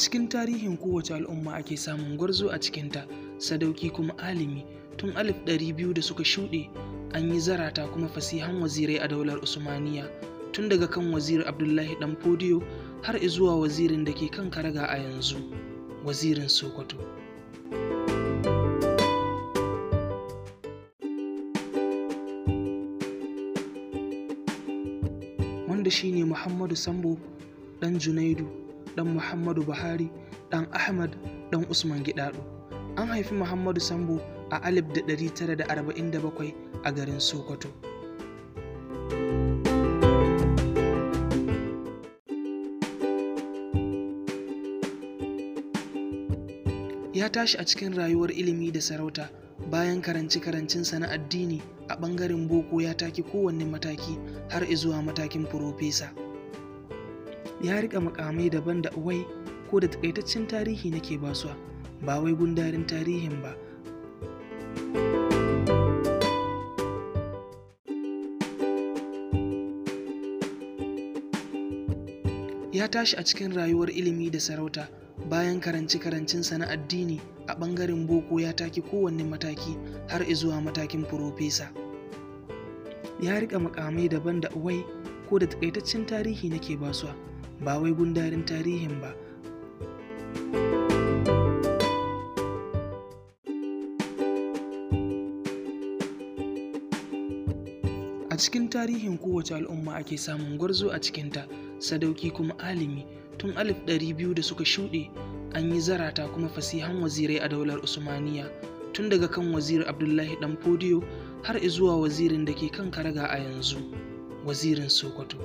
cikin tarihin kowace al'umma ake samun gwarzo a cikinta sadauki kuma alimi tun alif ɗari biyu da suka shuɗe an yi zarata kuma fasihan wazirai a daular usmaniya tun daga kan wazir abdullahi dan fodiyo har zuwa wazirin da ke kan karaga a yanzu wazirin sokoto wanda shine muhammadu sambo ɗan junaidu ɗan Muhammadu Buhari, ɗan Ahmad, ɗan Usman Gidaɗo. An haifi Muhammadu Sambo a 1947 a garin Sokoto. Ya tashi a cikin rayuwar ilimi da sarauta bayan karanci karancin na addini a ɓangaren boko ya taki kowanne mataki har izuwa matakin furofesa. ya rika makamai daban da wai ko da takaitaccen tarihi nake basuwa ba wai gundarin tarihin ba ya tashi a cikin rayuwar ilimi da sarauta bayan karanci karancin na addini a ɓangaren boko ya taki kowanne mataki har zuwa matakin furofesa ya rika makamai daban da wai ko da takaitaccen tarihi nake basuwa ba wai gundarin tarihin ba a cikin tarihin kowace al'umma ake samun gwarzo a cikinta sadauki kuma alimi tun alif ɗari biyu da suka shuɗe an yi zarata kuma fasihan wazirai a daular usmaniya tun daga kan wazir abdullahi dan fodiyo har zuwa wazirin da ke kan karaga a yanzu wazirin sokoto